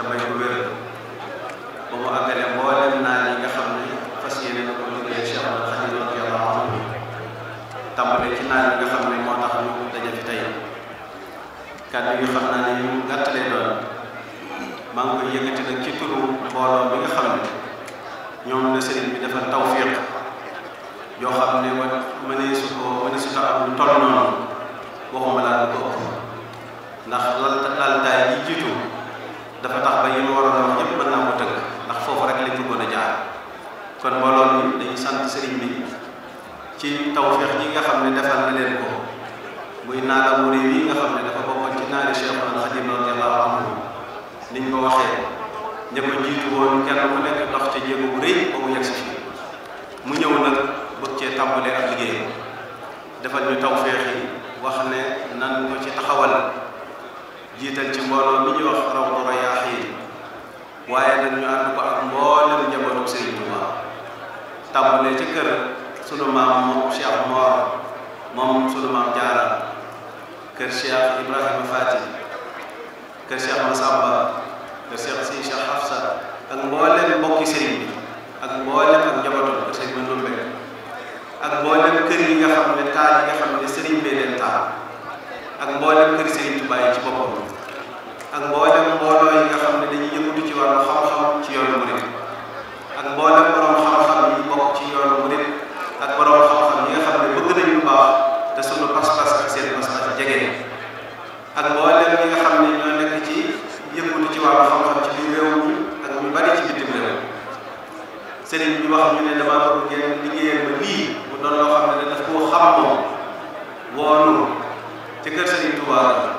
te may ko wér ba mu àggale mboolem naa yi nga xam ne fas yéene na ko liggéey Cheikh Ahmad Khadim nga xam ne moo tax ñu daje fi kàddu yi xam naa ne ñu gàttalee doon maa ngi koy yëkkati nag ci turu mbooloo bi nga xam ne ñoom la sëriñ bi dafa tawfiq yoo xam ne wa mënee ko mënee toll noonu waxuma laa ko ndax laltaay yi jiitu dafa tax ba yi ma waroon a wax yëpp mën naa ko tënk ndax foofu rek lañ bëggoon a jaar kon mbooloo mi dañu sant sëriñ bi ci tawfeex yi nga xam ne defal na leen ko muy naala mu réew yi nga xam ne dafa bokkoon ci naari Cheikh al Xadim radiyallahu anhu ko waxee ña ko jiitu woon kenn ku mu ñëw nag bëgg cee tàmbalee ak liggéey defal ñu tawfeex yi wax ne nan ko ci taxawal jiital ci mbooloo mi ñuy wax Rawdu Rayaahiin waaye nag ñu ànd ko ak mboolem njabootu Sëriñ Tuuba tàmbalee ci kër sunu maam moom Cheikh Mor moom sunu maam Jaara kër Cheikh Ibrahima Fati kër Cheikh Massamba kër Cheikh si Cheikh Hafsa ak mboolem mbokki sëriñ bi ak mboolem ak njabootam kër Sëriñ Mandumbe ak mboolem kër yi nga xam ne taal yi nga xam ne sëriñ bee leen taal ak mboolem kër Sëriñ Tuuba yi ci boppam ak mboolem mbooloo yi nga xam ne dañuy yëngatu ci wàllu xam-xam ci yoonu murid ak mboolem borom xam-xam ci yoonu murid ak borom xam-xam yi nga ne bëgg nañu lu ci yëngatu ci wàllu xam-xam ci biir réew mi ak ñu bari ma lii mu doon loo xam ne daf koo xam moom woonu ci kër Sëriñ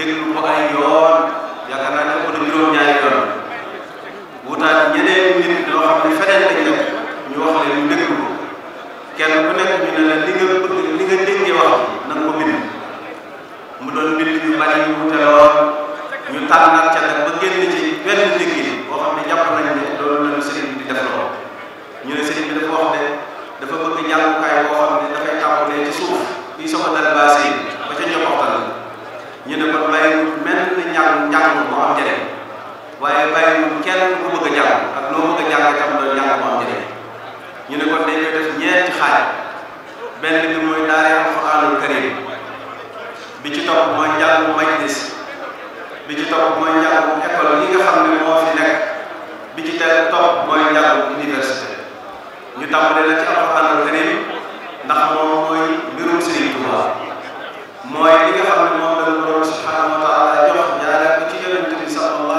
déglu ko ay yoon yaakaar naa ne ko du juróom-ñaari yoon wutaat ñeneen nit loo xam ne feneen lañ def ñu wax leen ñu déglu ko kenn ku nekk ñu ne la li nga bëgg li nga déggee wax na nga ko bind mu doon bind yu bari yu wute lool ñu tànnaat ca nag ba génn ci benn boo xam ne jàpp nañ ne loolu sëriñ bi di def lool ñu ne sëriñ bi dafa wax ne dafa bëgg jàngukaay boo xam ne dafay tàmbalee ci suuf soxla dal yi njàng mu am njëriñ waaye bàyyiwul kenn ku bëgg a jàng ak noo bëgg a jàng tam doon njàng mu am njëriñ ñu ne kon dañ koy def ñeenti xaaj benn bi mooy daaree alxuraanul karim bi ci topp mooy njàng mu majlis bi ci topp mooy njàng mu école yi nga xam ne moo fi nekk bi ci teel topp mooy njàng mu université ñu tàmbalee la ci alxuraanul karim ndax moom mooy mbirum Sëriñ Tuubaa mooy li nga xam ne moom la doon subhaanahu wa taala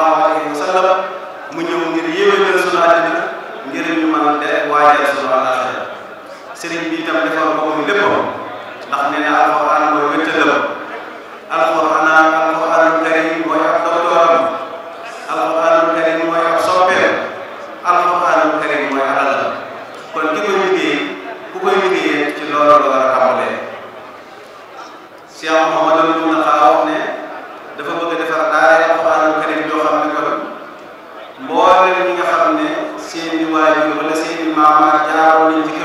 sallallahu alayhi mu ñëw ngir yéwénal sunu àddina ngir ñu mën a dee waajal sunu àllaaxira sëriñ bi itam defal ko muy léppam ndax nee na alxuraan mooy wéttalam alxuraan ya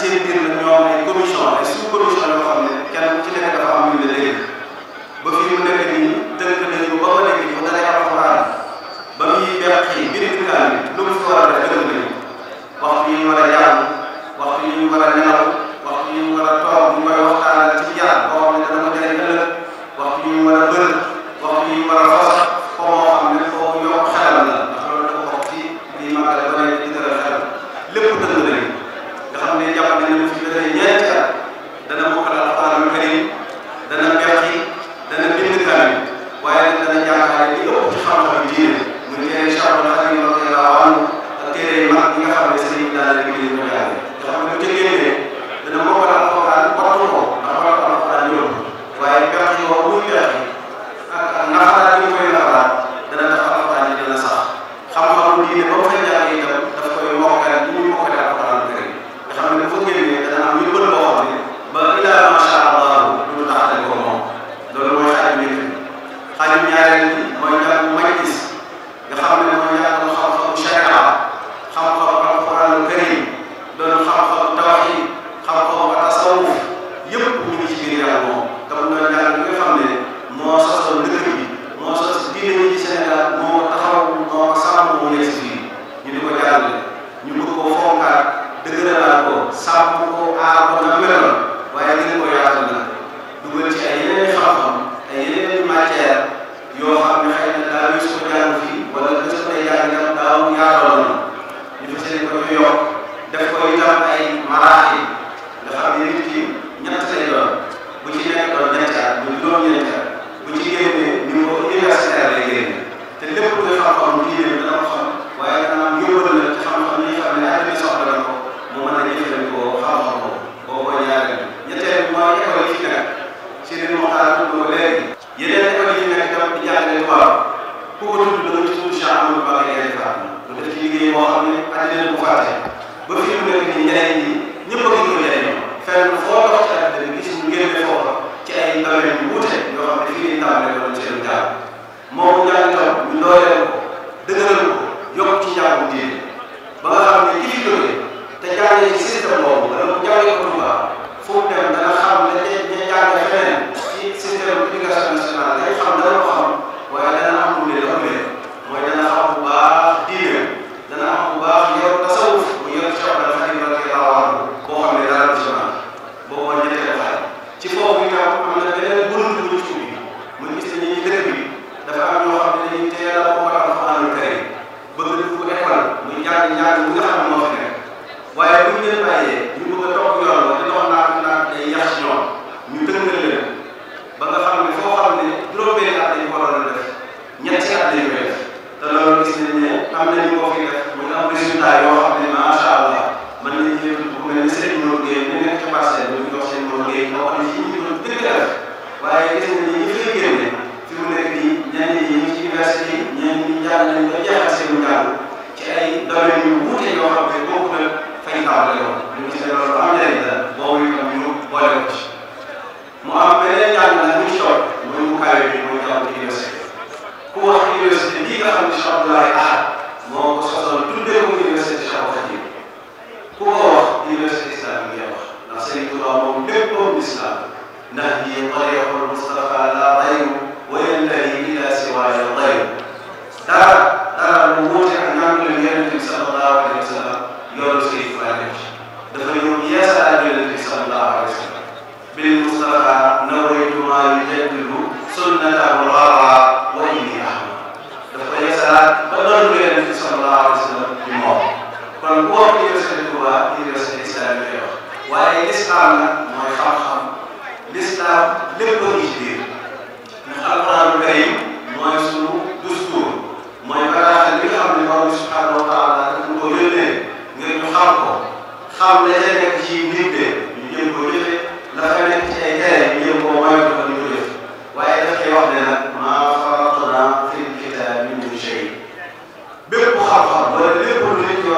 seen biir nag ñoo am ay commission ay sous commission yoo xam ne kenn ku ci nekk dafa am lu ñu ba fii mu nekk nii tënk nañu ba ba nekk ba daray alxuraan ba muy beq yi mbiri dëkkaan bi lu mu fi war a def tënk nañu waxtu yi ñu war a jàng waxtu yi ñu war a nelaw waxtu yi ñu war a toog ñu koy waxtaanal ci मराहिल in the would trabalham يتبع سنته الغرى وإني أحمد دفعي سلاة بدل بيان صلى الله عليه وسلم بموت kon bu wax université Touba université islamique lay wax waaye lislaam nag mooy xam-xam lislaam lépp a ngi ci biir ndax alquranul karim mooy sunu dustuur mooy bataaxal bi nga xam ne borom bi subhanahu wa taala dañ ko yónnee ngir ñu xam ko xam la ca nekk ci nit ñu jëm ko jëfe la fa nekk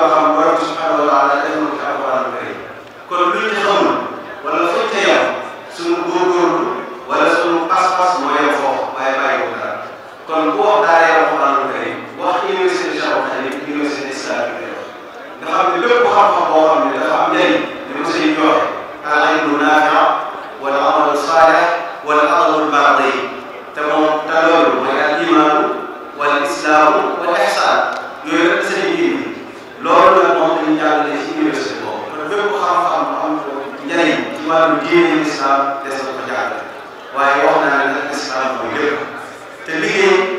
uh, lislaam des na ko jàngal waaye wax naa ne nag lislaam mooy lépp te liggéey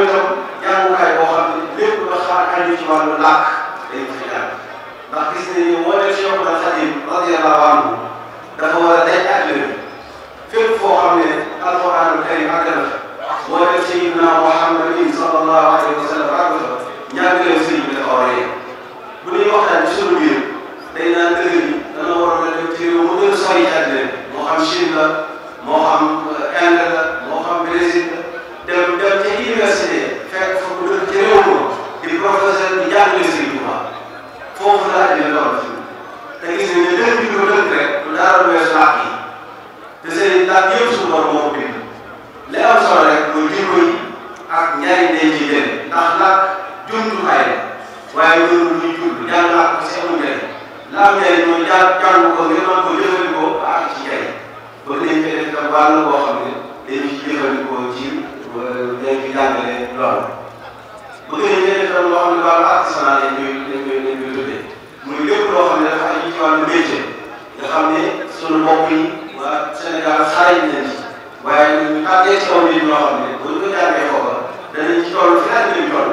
am itam jàngukaay boo xam ne lépp nga xaar aju ci wàllu làkk dañ ko fi jàng ndax gis nañ ne moo leen Cheikh Al Khadim radiyallahu anhu dafa war a day ak léegi fépp foo xam ne alquranul karim àgg na fa moo leen Sayyidina Muhammadin sallallahu alayhi wa sallam àgg fa njàngaleew sëriñ bi dafa war a yem bu ñuy waxtaan ci sunu biir day naan dëgg yi dana waroon a dem ci réew mu gën a sori ci àddina moo xam Chine la moo xam Inde la moo xam Brésil la dem dem université fekk fa ku dëkk ci réew ma di professeur di jàngale Sëriñ Tuubaa foofu laa jël métier nga xam ne sunu mbokk yi waa Sénégal xarañ nañ ci waaye ñu tàggee ci aw nit ñoo xam ne bu ñu ko jàngee foofa danañ ci toll feneen bi ñu toll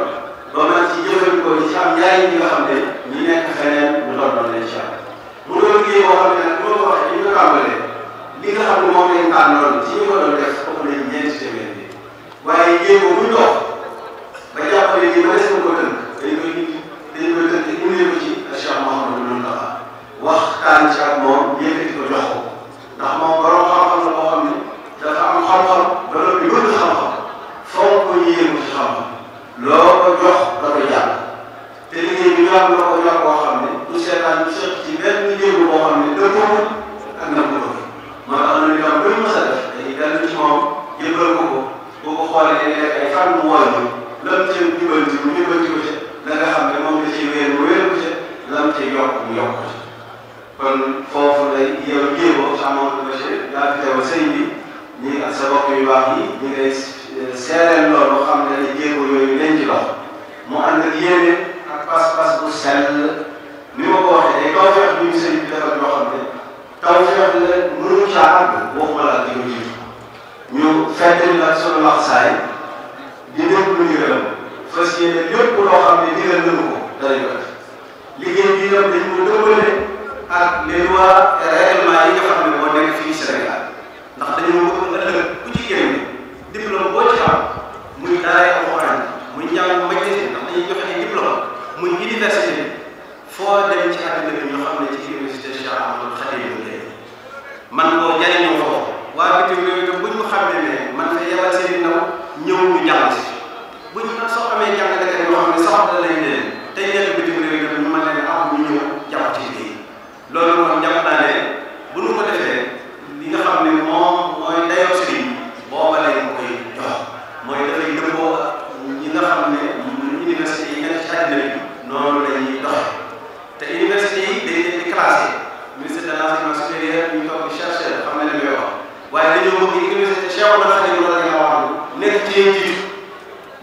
ba man ci jëfandikoo ci am ñaari ñi nga xam ne ñi nekk feneen ñu toll noonu lañ ci am bu doon liggéey boo xam ne nag bu ko waxee ñu ko tàmbalee li nga xam ne moom lañ tànnoon ci ñu ko doon def ëpp nañ ñeenti téeméer bi waaye jéego bu ñu dox ba jàppale ni ba des na ko tënk তার নিশাব মন sell ni ma ko waxee day taw feex ñu sëriñ bi defal ñoo xam ne taw feex la mënuñu caa àgg waxuma la di ko jiitu ñu fettali la sunu laxsaay di dégg lu ndigalam fas yéene lépp loo xam ne ndigal nañu ko danañ ko def liggéey bi itam dañ ko dëppale ak les lois et règlements yi nga xam ne moo nekk fii Sénégal ndax dañoo bëgg ëllëg ku ci génn diplôme boo ci am muy daay université bi foo dem ci àddina bi ñu xam ne ci université Cheikh Ahmadou Khadim bi man koo jariñoo foofu waa bitim réew itam bu ñu xam ne ne man fa yebal seen ndaw ñëw ñu jàng si bu ñu nag soo amee jàngalekat yoo xam ne soxla lañ leen tey nekk bitim réew itam ñu mën leen am ñu ñëw jàpp ci liggéey loolu kon jàpp naa ne yi université Cheikh Oumar Sall yi loolu la ñu la wax léegi ci yéen jiitu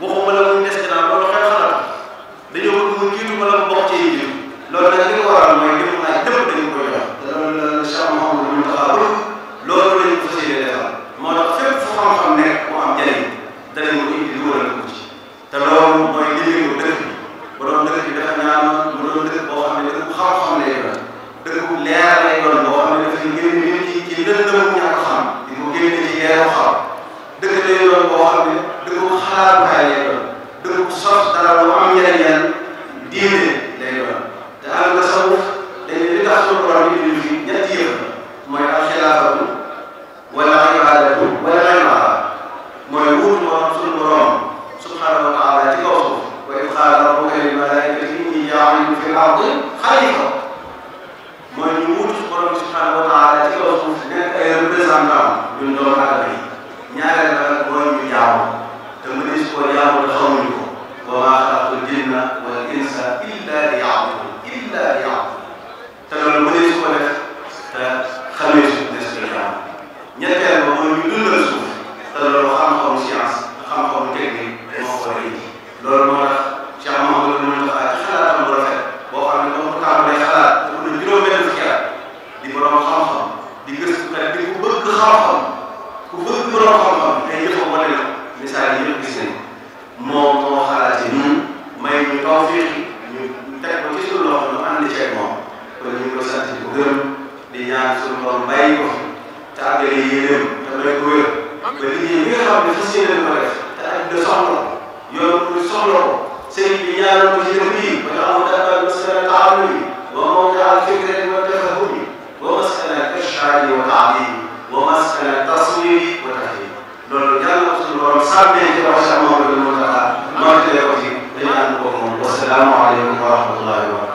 waxuma la muy des ci naan loolu xel xalaat dara lu am njëriñ la xam ne fas yéene ma def te ak de soxla yoon bu soxla ko sëriñ bi ñaanal ko ci dëkk yi ba nga am dafa masala taamu yi wa mawda al fikri wa tafahumi wa masala tashari wa taalimi wa masala taswiri wa tahlil loolu yàlla ko suñu borom sàmmee ci wax sama moom la moo tax maa ci lay wax ci dañu ànd ko moom wasalaamu aleykum wa rahmatullahi wa barakatuh